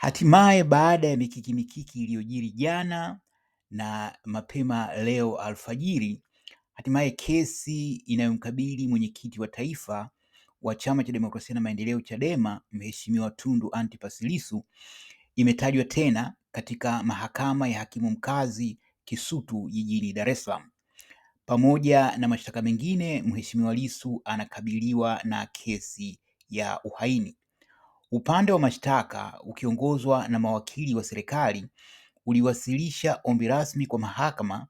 Hatimaye baada ya mikiki mikiki iliyojiri jana na mapema leo alfajiri, hatimaye kesi inayomkabili mwenyekiti wa taifa wa Chama cha Demokrasia na Maendeleo Chadema, Mheshimiwa Tundu Antipas Lissu imetajwa tena katika mahakama ya hakimu mkazi Kisutu jijini Dar es Salaam. Pamoja na mashtaka mengine, Mheshimiwa Lissu anakabiliwa na kesi ya uhaini. Upande wa mashtaka ukiongozwa na mawakili wa serikali uliwasilisha ombi rasmi kwa mahakama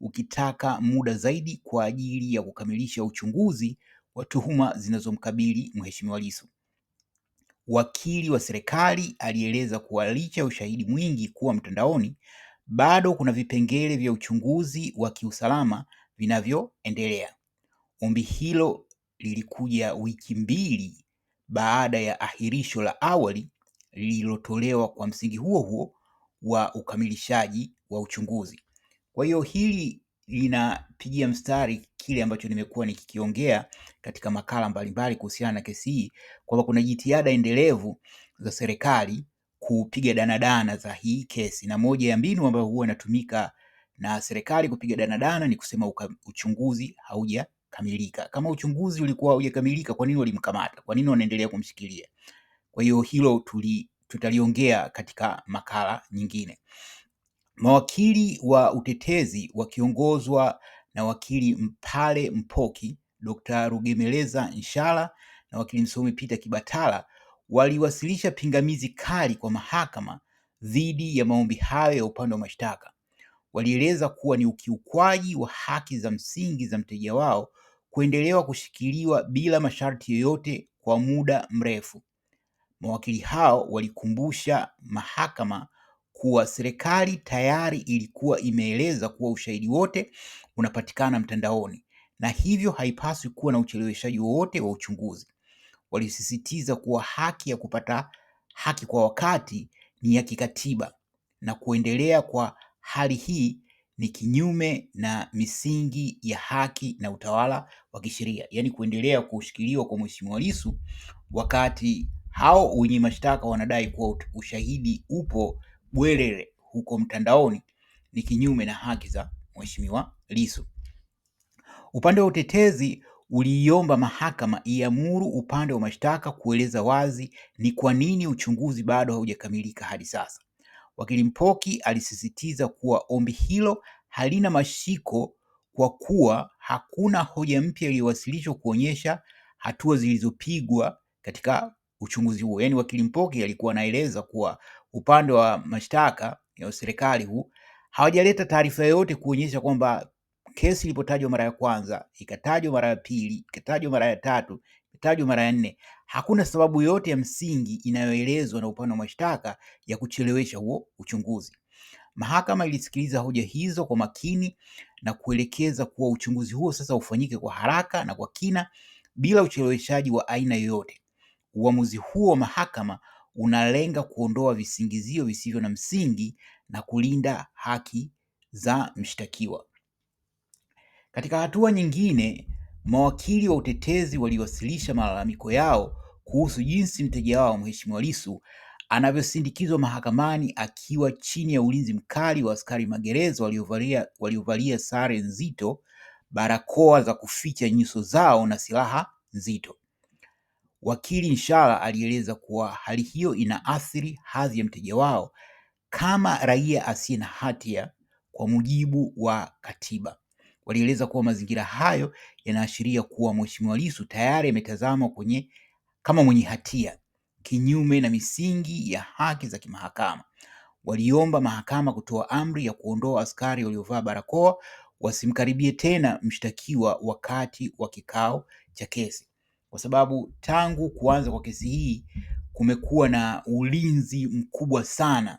ukitaka muda zaidi kwa ajili ya kukamilisha uchunguzi wa tuhuma zinazomkabili Mheshimiwa Lissu. Wakili wa serikali alieleza kuwa licha ushahidi mwingi kuwa mtandaoni, bado kuna vipengele vya uchunguzi wa kiusalama vinavyoendelea. Ombi hilo lilikuja wiki mbili baada ya ahirisho la awali lililotolewa kwa msingi huo huo wa ukamilishaji wa uchunguzi. Kwa hiyo hili linapigia mstari kile ambacho nimekuwa nikikiongea katika makala mbalimbali kuhusiana na kesi hii kwamba kuna jitihada endelevu za serikali kupiga danadana za hii kesi, na moja ya mbinu ambayo huwa inatumika na serikali kupiga danadana ni kusema uka, uchunguzi hauja kamilika. Kama uchunguzi ulikuwa hujakamilika, kwa nini walimkamata? Kwa nini wanaendelea kumshikilia? Kwa hiyo hilo tuli, tutaliongea katika makala nyingine. Mawakili wa utetezi wakiongozwa na wakili Mpale Mpoki, Dr. Rugemeleza Nshala na wakili msomi Peter Kibatala waliwasilisha pingamizi kali kwa mahakama dhidi ya maombi hayo ya upande wa mashtaka walieleza kuwa ni ukiukwaji wa haki za msingi za mteja wao kuendelewa kushikiliwa bila masharti yoyote kwa muda mrefu. Mawakili hao walikumbusha mahakama kuwa serikali tayari ilikuwa imeeleza kuwa ushahidi wote unapatikana mtandaoni na hivyo haipaswi kuwa na ucheleweshaji wowote wa uchunguzi. Walisisitiza kuwa haki ya kupata haki kwa wakati ni ya kikatiba na kuendelea kwa Hali hii ni kinyume na misingi ya haki na utawala wa kisheria, yaani kuendelea kushikiliwa kwa Mheshimiwa Lissu wakati hao wenye mashtaka wanadai kuwa ushahidi upo bwerere huko mtandaoni ni kinyume na haki za Mheshimiwa Lissu. Upande wa utetezi uliiomba mahakama iamuru upande wa mashtaka kueleza wazi ni kwa nini uchunguzi bado haujakamilika hadi sasa. Wakili Mpoki alisisitiza kuwa ombi hilo halina mashiko kwa kuwa hakuna hoja mpya iliyowasilishwa kuonyesha hatua zilizopigwa katika uchunguzi huo. Yaani wakili Mpoki alikuwa anaeleza kuwa upande wa mashtaka ya serikali huu hawajaleta taarifa yoyote kuonyesha kwamba kesi ilipotajwa mara ya kwanza, ikatajwa mara ya pili, ikatajwa mara ya tatu, tajwa mara ya nne, hakuna sababu yoyote ya msingi inayoelezwa na upande wa mashtaka ya kuchelewesha huo uchunguzi. Mahakama ilisikiliza hoja hizo kwa makini na kuelekeza kuwa uchunguzi huo sasa ufanyike kwa haraka na kwa kina bila ucheleweshaji wa aina yoyote. Uamuzi huo wa mahakama unalenga kuondoa visingizio visivyo na msingi na kulinda haki za mshtakiwa. Katika hatua nyingine, Mawakili wa utetezi waliwasilisha malalamiko yao kuhusu jinsi mteja wao Mheshimiwa Lissu anavyosindikizwa mahakamani akiwa chini ya ulinzi mkali wa askari magereza waliovalia waliovalia sare nzito, barakoa za kuficha nyuso zao na silaha nzito. Wakili Nshala alieleza kuwa hali hiyo inaathiri hadhi ya mteja wao kama raia asiye na hatia kwa mujibu wa katiba. Walieleza kuwa mazingira hayo yanaashiria kuwa Mheshimiwa Lissu tayari ametazamwa kwenye kama mwenye hatia kinyume na misingi ya haki za kimahakama. Waliomba mahakama kutoa amri ya kuondoa askari waliovaa barakoa wasimkaribie tena mshtakiwa wakati wa kikao cha kesi, kwa sababu tangu kuanza kwa kesi hii kumekuwa na ulinzi mkubwa sana,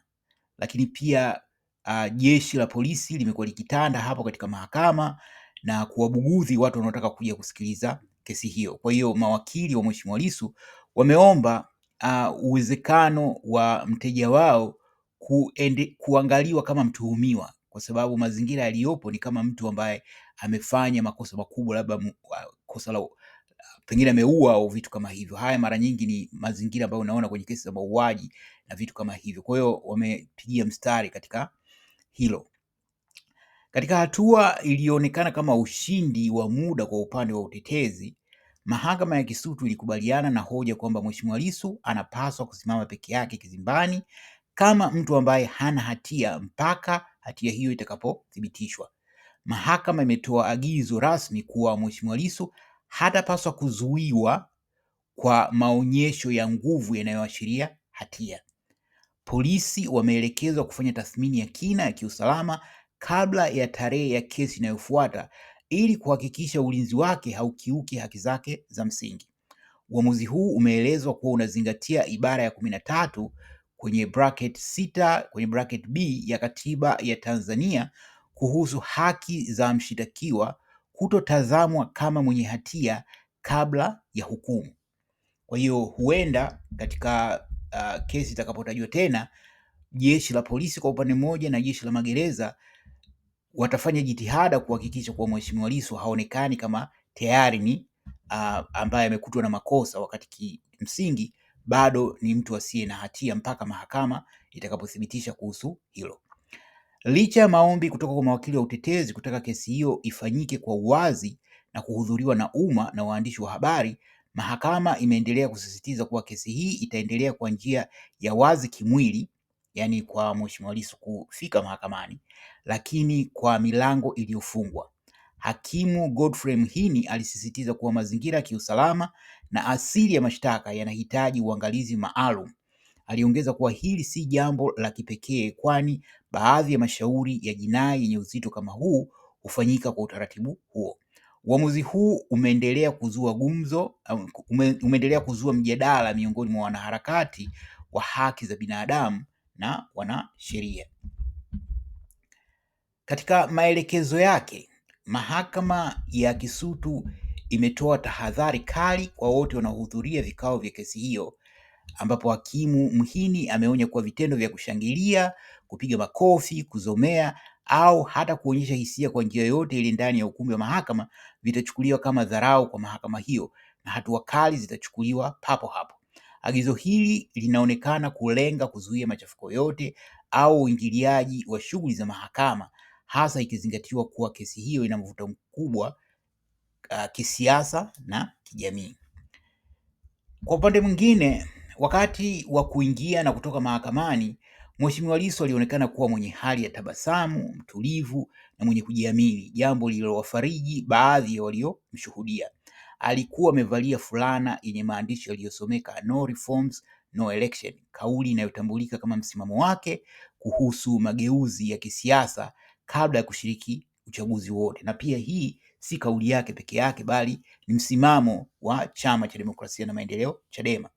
lakini pia uh, jeshi la polisi limekuwa likitanda hapo katika mahakama na kuwabugudhi watu wanaotaka kuja kusikiliza kesi hiyo. Kwa hiyo mawakili wa Mheshimiwa Lissu wameomba uh, uwezekano wa mteja wao kuende, kuangaliwa kama mtuhumiwa kwa sababu mazingira yaliyopo ni kama mtu ambaye amefanya makosa makubwa, labda ah, kosa la pengine ameua au vitu kama hivyo. Haya mara nyingi ni mazingira ambayo unaona kwenye kesi za mauaji na vitu kama hivyo. Kwa hiyo wamepigia mstari katika hilo. Katika hatua iliyoonekana kama ushindi wa muda kwa upande wa utetezi, mahakama ya Kisutu ilikubaliana na hoja kwamba Mheshimiwa Lissu anapaswa kusimama peke yake kizimbani kama mtu ambaye hana hatia mpaka hatia hiyo itakapothibitishwa. Mahakama imetoa agizo rasmi kuwa Mheshimiwa Lissu hatapaswa kuzuiwa kwa maonyesho ya nguvu yanayoashiria hatia. Polisi wameelekezwa kufanya tathmini ya kina ya kiusalama kabla ya tarehe ya kesi inayofuata ili kuhakikisha ulinzi wake haukiuki haki zake za msingi. Uamuzi huu umeelezwa kuwa unazingatia ibara ya kumi na tatu kwenye bracket sita kwenye bracket B ya katiba ya Tanzania kuhusu haki za mshitakiwa kutotazamwa kama mwenye hatia kabla ya hukumu. Kwa hiyo huenda katika uh, kesi itakapotajwa tena, jeshi la polisi kwa upande mmoja na jeshi la magereza watafanya jitihada kuhakikisha kuwa Mheshimiwa Lissu haonekani kama tayari ni uh, ambaye amekutwa na makosa, wakati kimsingi bado ni mtu asiye na hatia mpaka mahakama itakapothibitisha kuhusu hilo. Licha ya maombi kutoka kwa mawakili wa utetezi kutaka kesi hiyo ifanyike kwa uwazi na kuhudhuriwa na umma na waandishi wa habari, Mahakama imeendelea kusisitiza kuwa kesi hii itaendelea kwa njia ya wazi kimwili, yaani kwa Mheshimiwa Lissu kufika mahakamani, lakini kwa milango iliyofungwa. Hakimu Godfrey Mhini alisisitiza kuwa mazingira ya kiusalama na asili ya mashtaka yanahitaji uangalizi maalum. Aliongeza kuwa hili si jambo la kipekee, kwani baadhi ya mashauri ya jinai yenye uzito kama huu hufanyika kwa utaratibu huo. Uamuzi huu umeendelea kuzua gumzo, umeendelea kuzua mjadala miongoni mwa wanaharakati wa haki za binadamu na wanasheria. Katika maelekezo yake, mahakama ya Kisutu imetoa tahadhari kali kwa wote wanaohudhuria vikao vya kesi hiyo, ambapo hakimu Mhini ameonya kuwa vitendo vya kushangilia, kupiga makofi, kuzomea au hata kuonyesha hisia kwa njia yoyote ile ndani ya ukumbi wa mahakama vitachukuliwa kama dharau kwa mahakama hiyo na hatua kali zitachukuliwa papo hapo. Agizo hili linaonekana kulenga kuzuia machafuko yote au uingiliaji wa shughuli za mahakama, hasa ikizingatiwa kuwa kesi hiyo ina mvuto mkubwa uh, kisiasa na kijamii. Kwa upande mwingine, wakati wa kuingia na kutoka mahakamani Mheshimiwa Lissu alionekana kuwa mwenye hali ya tabasamu, mtulivu na mwenye kujiamini, jambo lililowafariji baadhi ya waliomshuhudia. Alikuwa amevalia fulana yenye maandishi yaliyosomeka no reforms no election, kauli inayotambulika kama msimamo wake kuhusu mageuzi ya kisiasa kabla ya kushiriki uchaguzi wote. Na pia hii si kauli yake peke yake, bali ni msimamo wa Chama cha Demokrasia na Maendeleo, Chadema.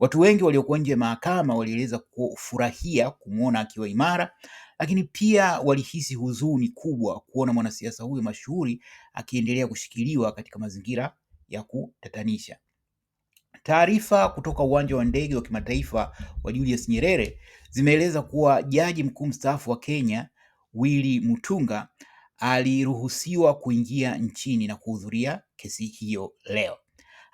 Watu wengi waliokuwa nje ya mahakama walieleza kufurahia kumwona akiwa imara, lakini pia walihisi huzuni kubwa kuona mwanasiasa huyo mashuhuri akiendelea kushikiliwa katika mazingira ya kutatanisha. Taarifa kutoka uwanja wa ndege wa kimataifa wa Julius Nyerere zimeeleza kuwa jaji mkuu mstaafu wa Kenya Willy Mutunga aliruhusiwa kuingia nchini na kuhudhuria kesi hiyo leo.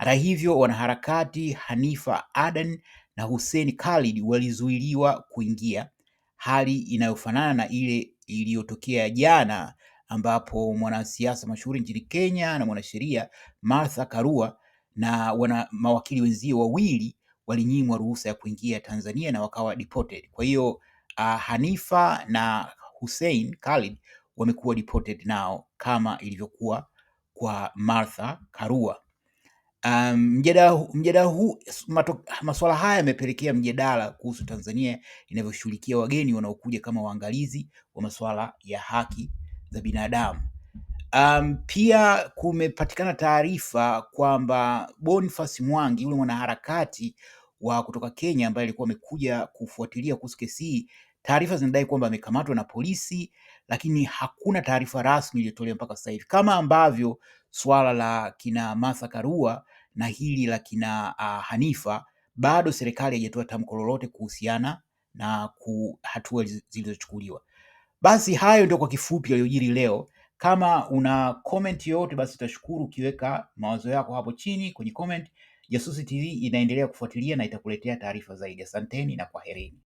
Hata hivyo, wanaharakati Hanifa Aden na Hussein Khalid walizuiliwa kuingia, hali inayofanana na ile iliyotokea jana ambapo mwanasiasa mashuhuri nchini Kenya na mwanasheria Martha Karua na wana mawakili wenzio wawili walinyimwa ruhusa ya kuingia Tanzania na wakawa deported. Kwa hiyo uh, Hanifa na Hussein Khalid wamekuwa deported nao kama ilivyokuwa kwa Martha Karua. Um, mjadala huu masuala haya yamepelekea mjadala kuhusu Tanzania inavyoshughulikia wageni wanaokuja kama waangalizi wa masuala ya haki za binadamu. Um, pia kumepatikana taarifa kwamba Boniface Mwangi yule mwanaharakati wa kutoka Kenya ambaye alikuwa amekuja kufuatilia kuhusu kesi hii, taarifa zinadai kwamba amekamatwa na polisi, lakini hakuna taarifa rasmi iliyotolewa mpaka sasa hivi, kama ambavyo swala la kina Martha Karua na hili la kina uh, Hanifa, bado serikali haijatoa tamko lolote kuhusiana na hatua zilizochukuliwa. Basi hayo ndio kwa kifupi yaliyojiri leo. Kama una comment yoyote, basi tutashukuru ukiweka mawazo yako hapo chini kwenye comment. Jasusi TV inaendelea kufuatilia na itakuletea taarifa zaidi. Asanteni na kwaherini.